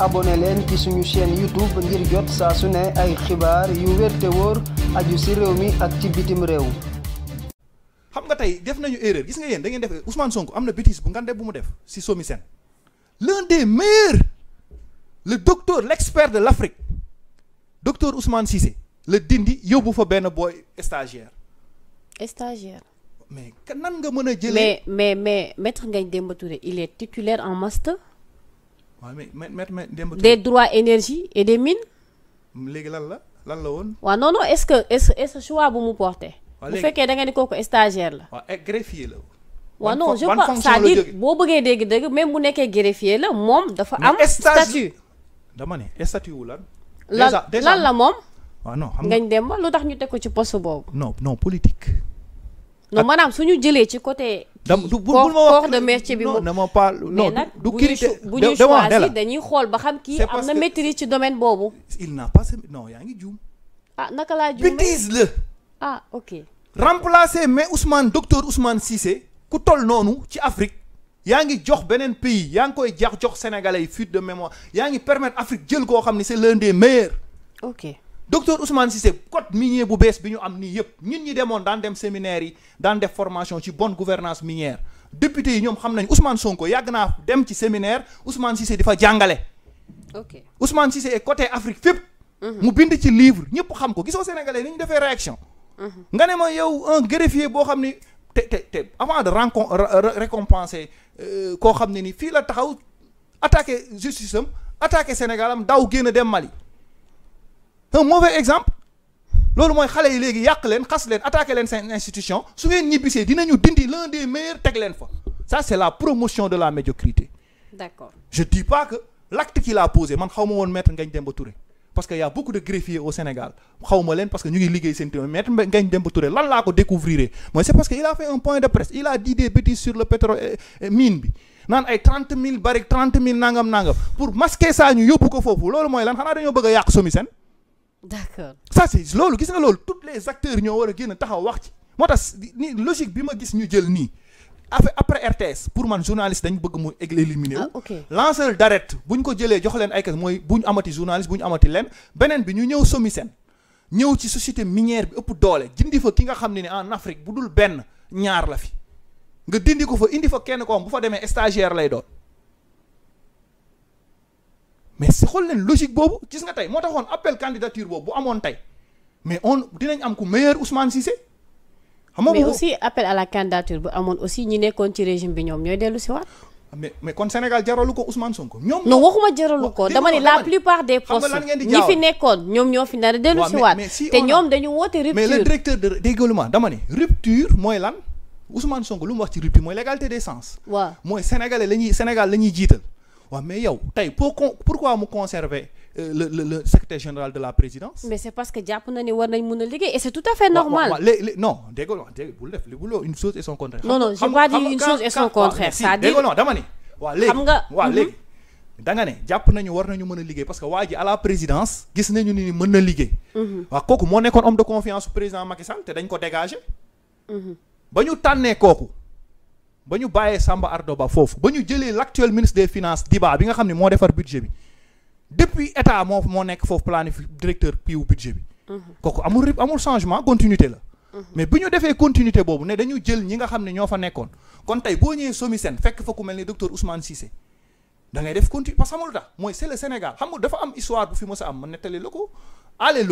abonné leen ci suñu chaîne YouTube ngir jot saa su ne ay xibaar yu wér te wóor aju si réew mi ak ci bitim réew. xam nga tey def nañu erreur gis nga yéen da ngeen def Ousmane Sonko am na bitis bu ngande bu mu def si Somi Sène l'un des le docteur l'expert de l'Afrique docteur Ousmane Cissé la dindi yóbbu fa benn booy stagiaire. stagiaire. mais nan nga mën a jëlee. mais mais mais ngay Ngagne Demba Touré il est titulaire en master. waaw mais mais mais démb des droits énergie et des mines. léegi lan la lan la woon. waa non non est-ce que est-ce est-ce choix bu mu porté. bu fekkee da nga ni kooku stagiaire la. waaw et greffier la. waaw non je pense c'est-à-dire boo bëggee dégg dëgg même bu nekkee greffier la moom dafa am. statut dama ne statut wu lan. déjà lan la moom. waaw non xam ngañ dem ba lu tax ñu teg ko ci post boobu. non non politique. non maanaam su ñu jëlee ci côté. dam du bu ma wax corps de métier bi moom dama pas non du critère bu ñu choisir dañuy xool ba xam kii am na maîtrise ci domaine boobu il n'a pas non yaa ngi juum ah naka laa juumee bêtise la ah ok remplacer mais Ousmane docteur Ousmane Cissé ku toll noonu ci Afrique yaa ngi jox beneen pays yaa ngi koy jax jox sénégalais yi fuite de mémoire yaa ngi permettre Afrique jël koo xam ne se l'un des meilleurs ok docteur Ousmane Cissé code minier bu bees bi ñu am nii yëpp ñun ñi demoon daan dem séminaire yi daan def formation ci bonne gouvernance minière député yi ñoom xam nañ son ko yàgg naa dem ci séminaire Ousmane Cissé di fa jàngale. ok Ousmane Cissé est côté Afrique fépp. Mhm. mu bind ci livre ñëpp xam ko gisoo sénégalais ni ñu defee réaction. Mhm. nga ne ma yow un greffier boo xam ni te te te avant de rencon récompenser euh, koo xam ne nii fii la taxaw attaque justice am attaqué Sénégal am daaw génn dem Mali. un mauvais exemple loolu mooy xale yi léegi yàq leen xas leen attaqué leen seen institution su ngeen ñibbisee dinañu dindi l'un des meilleurs teg leen fa ça c'est la promotion de la médiocrité d'accord je dis pas que l'acte qu'il a posé man xaw ma woon maître Ngagne Demba Touré parce que y a beaucoup de greffiers au Sénégal xaw ma leen parce que ñu ngi liggéey seen téeméer maître Ngagne Demba Touré lan laa ko découvrir mooy c'est parce que il a fait un point de a dit euh, euh, ko foofu loolu mooy lan xanaa dañoo bëgg yàq Somisen d'accord ça c'est loolu gis nga loolu tous les acteurs ñoo war a génn taxaw wax ci moo tax ni logique bi ma gis ñu jël nii affaire après RTS pour man journaliste dañ bëgg mu éliminer wu ah, lanceur d'alerte bu ñu ko jëlee jox leen ay kas mooy bu ñu amati journaliste bu ñu amati leen beneen bi ñu ñëw SOMISEN ñëw ci société minière bi ëpp doole jindi fa ki nga xam ne ni en Afrique bu dul benn ñaar la fi nga dindi ko fa indi fa kenn ko xam bu fa demee stagiaire lay doon mais si xool leen logique boobu gis nga tey moo taxoon appel candidature boobu bu amoon tey mais on dinañ am ku meilleur Ousmane Cissé. xam nga mais aussi appel à la candidature bu amoon aussi ñi nekkoon ci régime bi ñoom ñooy dellu si waat. mais mais kon Sénégal jaralu ko Ousmane Sonko ñoom. non waxuma jaralu ko dama ne la plupart des postes ñi fi nekkoon ñoom ñoo fi nar a dellu si waat. te ñoom dañu woote rupture. mais le directeur de dégueulement dama mooy lan Ousmane wax ci rupture mooy l'égalité des chances. Sénégal la ñuy jiital waaw mais yow tey pour con pourquoi mu conserver euh, le le le secrétaire général de la présidence. mais c'est parce que jàpp na ni war nañ mën a liggéey et c'est tout à fait normal. waaw waaw non dégg nga dégg bul def bul une chose et son contraire. non non j'ai pas une chose et son contraire. cest à dama ne. waaw léegi xam nga waaw mm-hmm. léegi. da nga ne jàpp nañu war nañu mën a liggéey parce que waa ji à la présidence gis nañu ni mën na liggéey. Mm-hmm. waaw kooku moo nekkoon homme de confiance président Macky Sall te ko dégager. Mm-hmm. ba ñu tànnee kooku. ba ñu bàyyee Samba Ardo Ba foofu ba ñu jëlee l' ministre des finances Diba bi nga xam ne moo defar bi depuis état moo moo nekk foofu planif directeur piiw budget bi. Mhm. kooku amul amul changement continuité la. Mhm. mais bi ñu defee continuité boobu ne dañu jël ñi nga xam ne ñoo fa nekkoon kon tey boo ñëwee Somisen fekk fa ku mel ni docteur Ousmane Cissé da ngay def continu parce que xamul tax mooy c'est le Sénégal xam nga dafa am histoire bu fi mës am ma nettali la ko Alé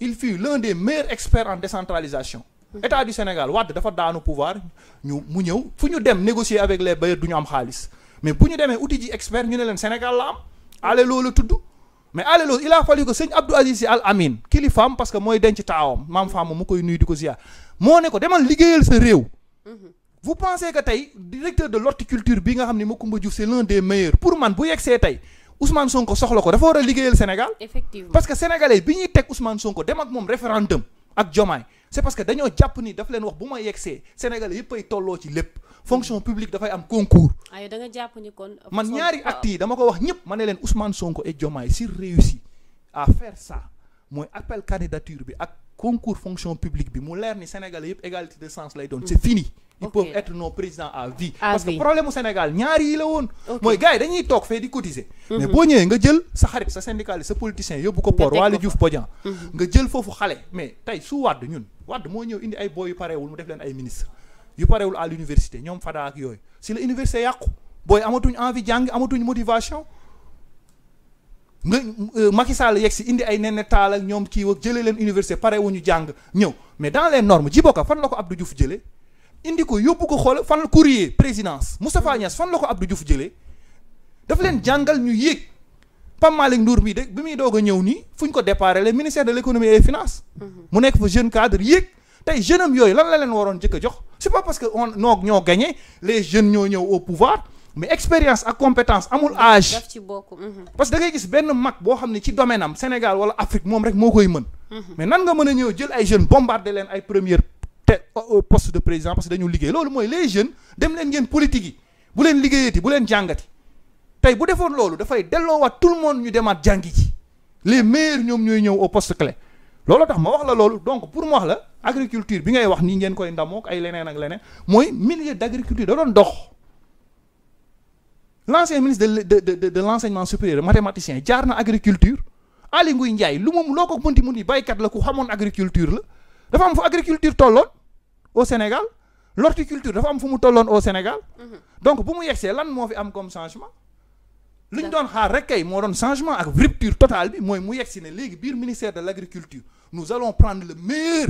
il fut l'un des meilleurs experts décentralisation. état du Sénégal Wade dafa daanu pouvoir ñu mu ñëw fu ñu dem négocier avec les bailleurs du ñu am xaalis mais bu ñu demee outil ji expert ñu ne leen Sénégal la am ale loolu tudd mais ale loolu il a fallu que sëñ Abdou Aziz Sy Al Amin kilifaam parce que mooy denc taawam maam faam mu koy nuy di ko ziar moo ne ko demal liggéeyal sa réew. Mhm. vous pensez que tey directeur de l'horticulture bi nga xam ne Macoumba Diouf c'est l'un des meilleurs pour man bu yegsee tey Ousmane Sonko ko dafa war a liggéeyal parce que sénégalais bi ñuy teg Ousmane Sonko dem ak moom référendum ak c'est parce que dañoo jàpp ni daf leen wax bu ma yegsee sénégalais yëpp ay tolloo ci lépp fonction publique dafay am concours. ay ah, da jàpp ni kon. Euh, man ñaari actes yi dama ko wax ñëpp ma ne leen Ousmane Sonko et jomaay si réussi à faire ça mooy appel candidature bi ak concours fonction publique bi mu leer ni sénégalais yëpp égalité de sens lay doon c'est fini. ils peuvent être nos présidents à vie. parce que problème Sénégal ñaari yi la woon. mooy gars yi dañuy toog fee di cotiser. Mhm. mais boo ñëwee nga jël sa xarit sa syndicaliste sa politicien yóbbu ko port Waly Diouf Bodian. Mhm. nga jël foofu xale mais tey su wàdd ñun wàdd moo ñëw indi ay boy yu parewul mu def leen ay ministre yu parewul à l'université ñoom Fada ak yooyu si la université yàqu booy amatuñ envie jàng amatuñu motivation. nga euh, Macky Sall yegg si indi ay nen taal ak ñoom kii ak leen université pare wu ñu jàng ñëw mais dans les normes ji bokka fan la ko Abdou Diouf jëlee indi ko yóbbu ko xool fan courrier présidence Moustapha mm. Niass fan la ko Abdou Diouf jëlee dafa leen jàngal ñu yéeg Pape Malick Ndour mii de bi muy doog a ñëw nii fu ñu ko déparé le ministère de l' économie et des finances mm-hmm. mu nekk fa jeune cadre yéeg tey jeune am yooyu lan la leen waroon jëkk jox c' pas parce que on noo ñoo gagné les jeunes ñoo ñëw au pouvoir mais expérience ak compétence amul mm-hmm. âge mm-hmm. parce que da gis benn mag boo xam ne ci domaine am Sénégal wala Afrique moom rek moo koy mën mais nan nga mën a ñëw jël ay jeunes bombardé leen ay première te au euh, euh, poste de président parce que dañu liggéey loolu mooy les jeunes dem leen ngeen politique yi bu leen liggéeyati bu leen jàngati tey bu defoon loolu dafay delloowaat tout le monde ñu demaat jàngi ci les meilleurs ñoom ñooy ñëw au poste clé loolu tax ma wax la loolu donc pour mu wax la agriculture bi ngay wax nii ngeen koy ndamook ay leneen ak leneen mooy milieu d' agriculture da doon dox l' ancien ministre de de de de l' enseignement supérieur mathématicien jaar na agriculture Aly Ngouille lu moom loo ko mënti mun yi baykat la ku xamoon agriculture la dafa am fu agriculture tolloon au Sénégal l'horticulture dafa am fu mu tolloon au Sénégal mhm. donc bu mu yegsee lan moo fi am comme changement lu ñu doon xaar rek kay moo doon changement ak rupture totale bi mooy mu yegsi ne léegi biir ministère de l'agriculture nous allons prendre le meilleur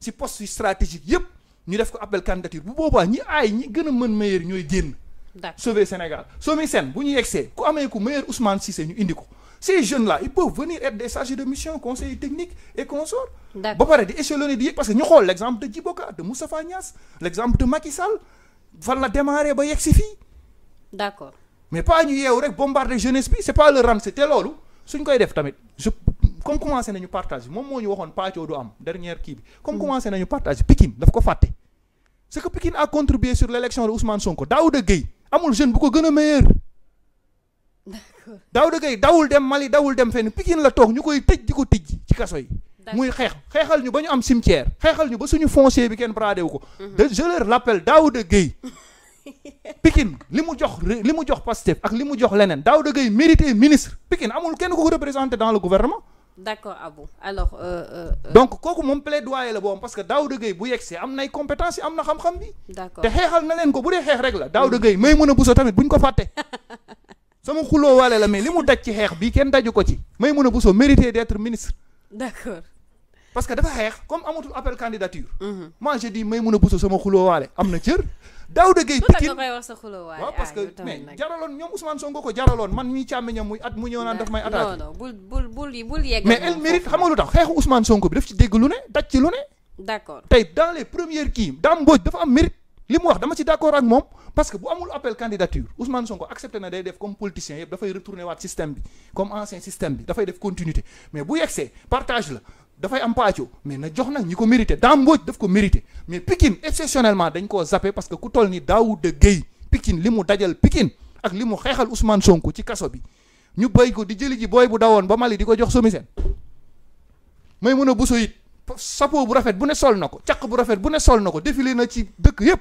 ci post stratégique yépp ñu def ko appel candidature bu boobaa ñi aay ñi gën a mën meilleur ñooy génn sauver Sénégal Somi Sène bu ñu yegsee ku amee ku meilleur Ousmane Cissé ñu indi ko ces jeunes là ils peuvent venir être des chargés de mission conseillers techniques et consorts ba pare di échelonner di yëg parce que ñu xool l' exemple de Djibo Ka de Moustapha Niasse l' de Macky fan la démarré ba yegg si fii d' accord mais pas ñu yeewu rek bombarder jeunesse bi c' pas le rendre c' était loolu suñ koy def tamit je comme commencé nañu partage moom moo ñu waxoon paccoo du am kii bi comme mm. commencé nañu partage Pikine daf ko fàtte c'est que Pikine a contribué sur l' élection amul jeune bu ko gën a meilleur. d'accord Daouda Gaye dawul dem mal Mali dawul dem fenn Pikine la toog ñu koy tëj ci ko tëj ci kaso yi. muy xeex xeexal ñu ba ñu am cimetière xeexal ñu ba suñu foncier bi kenn bradé wu ko. Mhm. de je leur rappelle Daouda Gaye Pikine li mu jox li mu jox Pastef ak li mu jox leneen Daouda Gaye mérité ministre Pikine amul kenn ku ko représenté dans le gouvernement. d'accord Abou alors. Euh, euh, euh. donc kooku moom plaidoyer la boobu parce que Daouda Gueye bu yegsee am nay compétence yi am na xam-xam bi. d'accord te xeexal na leen ko bu dee xeex rek la Daouda Gueye may mën a buso tamit buñ ko fàtte. sama xuloo waale la mais li mu daj ci xeex bi kenn daju ko ci may mën a buso mérité d'être ministre. d'accord. parce que dafa xeex comme amatul appel candidature. Mhm. moi je dis may mun a buso sama xuloowaale am na cër. Daouda Gueye Pikine waaw parce ah, que mais jaraloon ñoom Ousmane Sonko ko jaraloon man ñuy càmmiñam muy at mu ñëw naan daf may. attaqué non bul bul bul yegg mais elle mérite xam lu tax xeexu Ousmane Sonko bi daf ci dégg lu ne daj ci lu ne. d'accord tey dans les premières kii Dame Mbodj dafa am mérite. li mu wax dama ci d'accord ak moom parce que bu amul appel candidature Ousmane Sonko accepté def comme politicien yëpp dafay retourner waat système bi comme ancien système bi def continuité mais bu yegsee partage la dafay am pàccu mais na jox nag ñi ko mérité Dame Mbodj daf ko mérité mais Pikine exceptionnellement dañ koo zappé parce que ku toll ni Daouda Gueye Pikine li mu dajal Pikine ak li mu xeexal Ousmane Sonko ci kaso bi ñu béy ko di jëli ji booy bu dawoon ba Mali di ko jox Somisène may mun a buso it sapo bu rafet bu ne sol na ko caq bu rafet bu ne sol na ko défilé na ci dëkk yëpp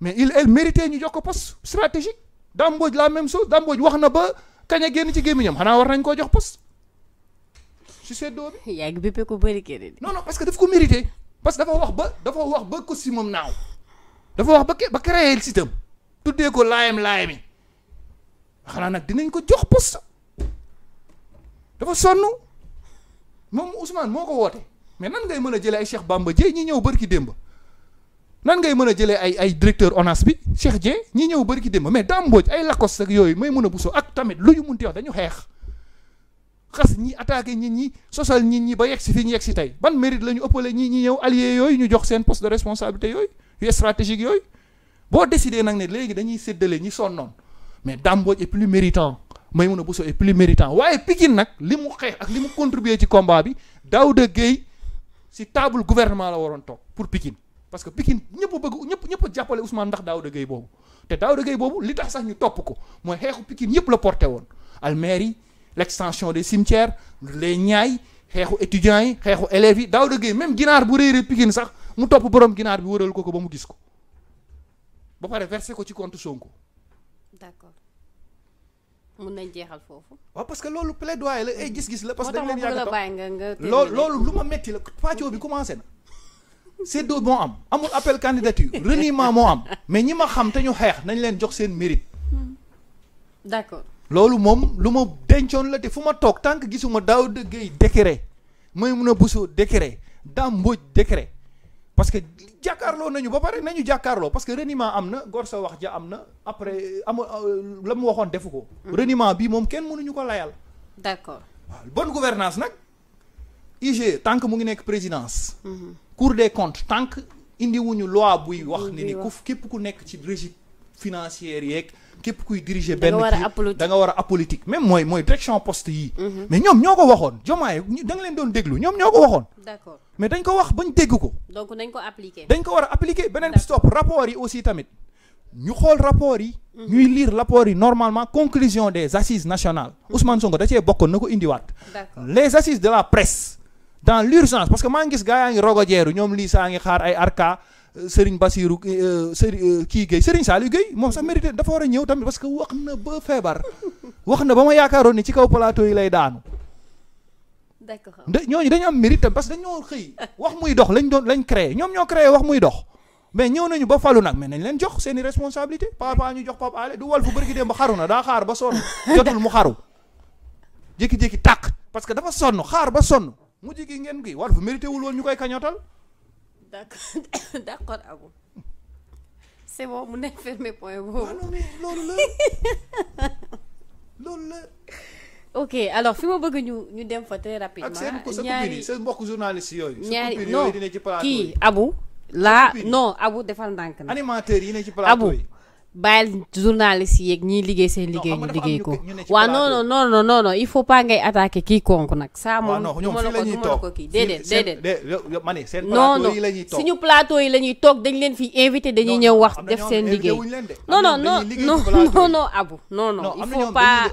mais il elle mérité ñu jox ko poste stratégique Dame Mbodj la même chose Dame wax na ba kañ a ci gémmiñam xanaa war nañ koo jox poste su seddoo bi. yaa ngi béppé ko bëri keneen. non non parce que daf ko mérité parce que dafa wax ba dafa wax ba ko si moom naaw dafa wax ba ba créé sitam tuddee ko laayam laayami xanaa nag dinañ ko jox poste dafa sonn moom Ousmane moo ko woote mais nan ngay mën a jëlee ay Cheikh Bamba Dièye ñi ñëw bërki démb nan ngay mën a jëlee ay ay directeur ONAS bi Cheikh Dièye ñi ñëw ki démb mais Dame Mbodj ay Lacoste ak yooyu may mën a busoo ak tamit lu ñu munti wax dañu xeex. xas ñi attaqué nit ñi sosal nit ñi ba yegg si fi ñu yegg si tey ban mérite la ñu ëppale ñi ñi ñëw allié yooyu ñu jox seen poste de responsabilité yooyu yu yooyu boo décidé nag ne léegi dañuy séddale ñi sonnoon mais Damboj est plus méritant Maïmouna Bousso est plus méritant waaye Pikine nag li mu xeex ak li mu contribuer ci combat bi Daouda Gueye si table gouvernement la waroon toog pour Pikine parce que Pikine ñëpp bëgg ñëpp ñëpp a jàppale Ousmane ndax Daouda boobu te Daouda Gueye li tax sax ñu topp ko mooy xeexu Pikine yëpp la porté woon almaire yi l'extension des cimetières les ñaay xeexu étudiants yi xeexu élèves yi daw dëggee même ginaar bu réeree Pikine sax mu topp boroom ginaar bi wëral ko ko ba mu gis ko ba pare versé ko ci compte Sonko. d'accord mun nañ jeexal foofu. waaw parce que loolu plaidoyer la ay eh, gis-gis la. parce que dañ leen yàgg a loolu loolu lu ma metti la pàccoo bi commencé na. séddoo moo am amul appel candidature reniement moo am mais ñi ma xam te ñu xeex nañ leen jox seen mérite. loolu moom lu ma dencoon la te fu ma toog tànk tant que gisuma Daouda Gueye décret Maïmouna Bousso décret Dame Mbodj décret parce que jàkkaarloo nañu ba pare nañu jàkkaarloo parce que reniment am na gor sa wax ja am na après euh, am euh, la mu waxoon defu ko. Mm. reniment bi moom kenn mënuñu ko layal. d'accord bonne gouvernance nag IG tànk mu ngi nekk présidence. Mm-hmm. cour des comptes tànk que indiwuñu loi buy wax. ni ni ku képp ku nekk ci régime. financières yeeg képp kuy diriger benn kii da nga war a apolitique mooy mooy direction poste yi mhm. mais ñoom ñoo ko waxoon jomaay da nga leen doon déglu ñoom ñoo ko waxoon d'accord mais dañ ko wax bañ dégg ko donc dañ ko appliquer dañ war a appliquer beneen bi stop rapport yi aussi tamit ñu xool rapport yi mhm. ñuy lire rapport yi normalement conclusion des assises nationales mhm. Ousmane Sonko da cee bokkoon na ko indiwaat les assises de la presse dans l'urgence parce que maa ngi gaa yaa ngi ñoom lii saa ngi xaar Serigne Bassirou euh, Serigne euh, kii Guèye Serigne Saliou Guèye moom sax mériter dafa war a ñëw tamit parce que wax na ba feebar wax na ba ma yaakaaroon ni ci kaw plateau yi lay daanu. d'accord ñooñu dañu am mérite tam parce que dañoo xëy wax muy dox lañ doon lañ créé ñoom ñoo créé wax muy dox mais ñëw nañu ba falu nag mais nañ leen jox seeni responsabilité ñu jox papa ale du dem ba xaru na daa xaar ba sonn jotul mu xaru jékki tàq parce que dafa sonn xaar ba sonn mu jigi ngeen gi wal fu mérité woon ñu koy kañotal d'accord d'accord Abou c'est bon mu nekk fermé point boobu. Ah loolu la loolu la. ok alors fi ma bëgg ñu ñu dem fa très rapidement. ñaari ak seen mbokk journaliste yooyu. ñaari non kii abu laa non Abou defal ndànk na. animateur yi ne ci plateau yi. bàyyil journaliste yeeg ñiy liggéey seen liggéey ñu liggéey ko waaw non non non non non il faut pas ngay attaquer quiconque nag. saa moom du ma la ko du ma la ko kii déedéet déedéet. non non suñu plateau yi la ñuy toog dañ leen fi invité dañuy ñëw wax def seen liggéey. non non non non non Abou non non il faut pas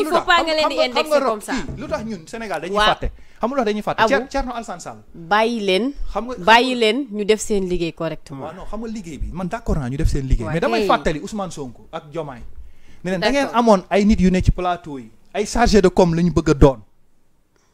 il faut pas nga leen di indexer comme ça. lu tax ñun Sénégal dañuy fàtte. xam nga dañuy fàtte Thierno Thierno Alassane Sall bàyyi leen. xam nga bàyyi leen ñu def seen liggéey correctement. waaw non xam nga liggéey bi man d'accord naa ñu def seen liggéey mais damay fàttali yi Ousmane ak Diomaye ne leen ngeen amoon ay nit yu ne ci plateau yi ay chargé de comme la ñu bëgg a doon